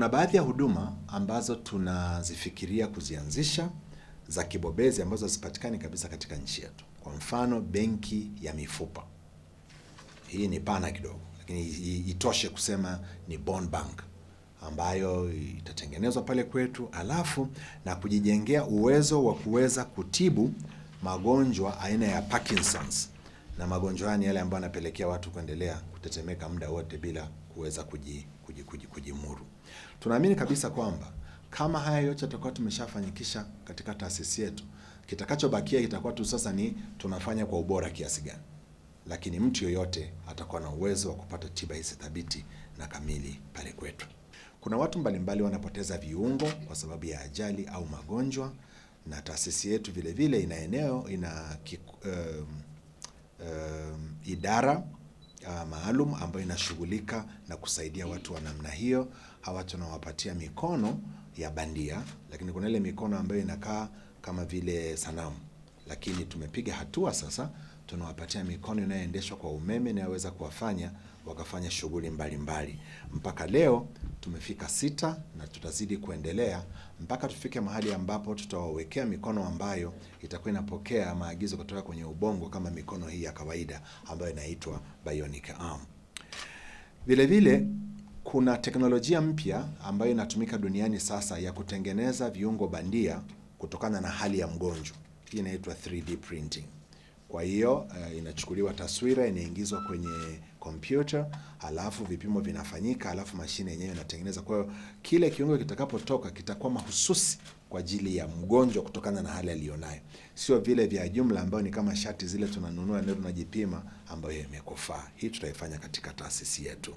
kuna baadhi ya huduma ambazo tunazifikiria kuzianzisha za kibobezi ambazo hazipatikani kabisa katika nchi yetu. Kwa mfano, benki ya mifupa. Hii ni pana kidogo, lakini itoshe kusema ni bone bank ambayo itatengenezwa pale kwetu, alafu na kujijengea uwezo wa kuweza kutibu magonjwa aina ya Parkinson's na magonjwa haya ni yale ambayo yanapelekea watu kuendelea kutetemeka muda wote bila kuweza kujimuru. Tunaamini kabisa kwamba kama haya yote tutakuwa tumeshafanyikisha katika taasisi yetu, kitakachobakia itakuwa tu sasa ni tunafanya kwa ubora kiasi gani, lakini mtu yoyote atakuwa na uwezo wa kupata tiba hizi thabiti na kamili pale kwetu. Kuna watu mbalimbali wanapoteza viungo kwa sababu ya ajali au magonjwa, na taasisi yetu vile vile ina eneo ina um, um, idara uh, maalum ambayo inashughulika na kusaidia watu wa namna hiyo. Hawa tunawapatia mikono ya bandia, lakini kuna ile mikono ambayo inakaa kama vile sanamu lakini tumepiga hatua sasa, tunawapatia mikono inayoendeshwa kwa umeme inayoweza kuwafanya wakafanya shughuli mbalimbali. Mpaka leo tumefika sita na tutazidi kuendelea mpaka tufike mahali ambapo tutawawekea mikono ambayo itakuwa inapokea maagizo kutoka kwenye ubongo kama mikono hii ya kawaida ambayo inaitwa bionic arm. Vile vile kuna teknolojia mpya ambayo inatumika duniani sasa ya kutengeneza viungo bandia kutokana na hali ya mgonjwa hii inaitwa 3D printing. Kwa hiyo uh, inachukuliwa taswira inaingizwa kwenye kompyuta, halafu vipimo vinafanyika, halafu mashine yenyewe inatengeneza. Kwa hiyo kile kiungo kitakapotoka kitakuwa mahususi kwa ajili ya mgonjwa kutokana na hali aliyonayo, sio vile vya jumla ambayo ni kama shati zile tunanunua ndio tunajipima, ambayo imekufaa. Hii tutaifanya katika taasisi yetu.